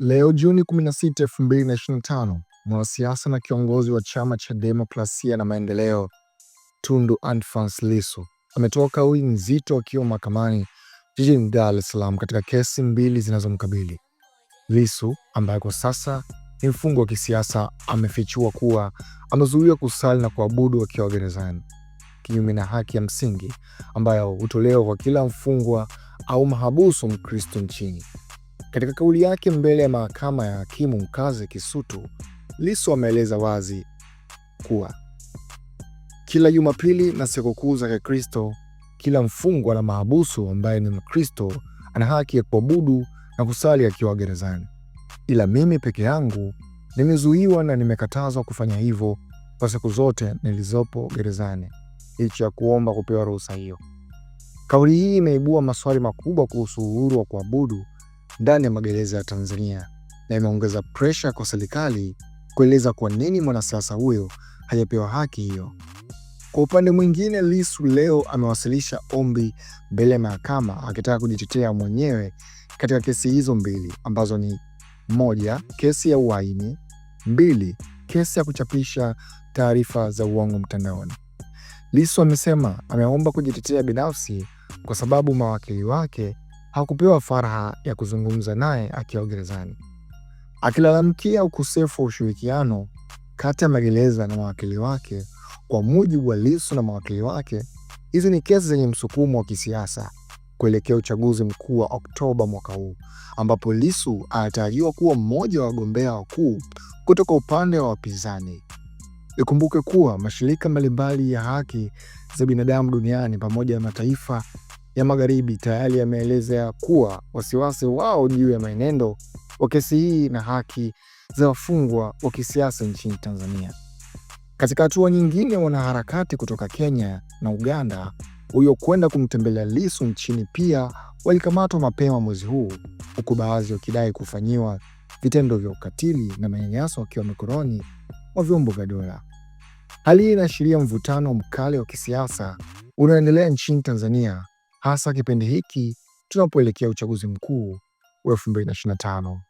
Leo Juni 16, 2025, mwanasiasa na kiongozi wa Chama cha Demokrasia na Maendeleo Tundu Antiphas Lissu ametoa kauli nzito akiwa mahakamani jijini Dar es Salaam katika kesi mbili zinazomkabili. Lissu ambaye kwa sasa ni mfungwa wa kisiasa amefichua kuwa amezuiwa kusali na kuabudu akiwa gerezani, kinyume na haki ya msingi ambayo hutolewa kwa kila mfungwa au mahabusu Mkristo nchini. Katika kauli yake mbele ya mahakama ya hakimu mkazi Kisutu, Lissu ameeleza wazi kuwa kila Jumapili na sikukuu za Kikristo, kila mfungwa na mahabusu ambaye ni Mkristo ana haki ya kuabudu na kusali akiwa gerezani, ila mimi peke yangu nimezuiwa na nimekatazwa kufanya hivyo kwa siku zote nilizopo gerezani licha ya kuomba kupewa ruhusa hiyo. Kauli hii imeibua maswali makubwa kuhusu uhuru wa kuabudu ndani ya magereza ya Tanzania na imeongeza presha kwa serikali kueleza kwa nini mwanasiasa huyo hajapewa haki hiyo. Kwa upande mwingine, Lissu leo amewasilisha ombi mbele ya mahakama akitaka kujitetea mwenyewe katika kesi hizo mbili ambazo ni moja, kesi ya uhaini; mbili, kesi ya kuchapisha taarifa za uongo mtandaoni. Lissu amesema ameomba kujitetea binafsi kwa sababu mawakili wake hakupewa faraha ya kuzungumza naye akiwa gerezani, akilalamikia ukosefu wa ushirikiano kati ya magereza na mawakili wake. Kwa mujibu wa Lissu na mawakili wake, hizi ni kesi zenye msukumo wa kisiasa kuelekea uchaguzi mkuu wa Oktoba mwaka huu, ambapo Lissu anatarajiwa kuwa mmoja wa wagombea wakuu kutoka upande wa wapinzani. Ikumbuke kuwa mashirika mbalimbali ya haki za binadamu duniani pamoja na mataifa ya Magharibi tayari yameelezea kuwa wasiwasi wao juu ya mwenendo wa kesi hii na haki za wafungwa wa kisiasa nchini Tanzania. Katika hatua nyingine, wanaharakati kutoka Kenya na Uganda waliokwenda kumtembelea Lissu nchini pia walikamatwa mapema mwezi huu, huku baadhi wakidai kufanyiwa vitendo vya ukatili na manyanyaso wakiwa mikononi mwa vyombo vya dola. Hali hii inaashiria mvutano mkali wa kisiasa unaoendelea nchini Tanzania hasa kipindi hiki tunapoelekea uchaguzi mkuu wa 2025.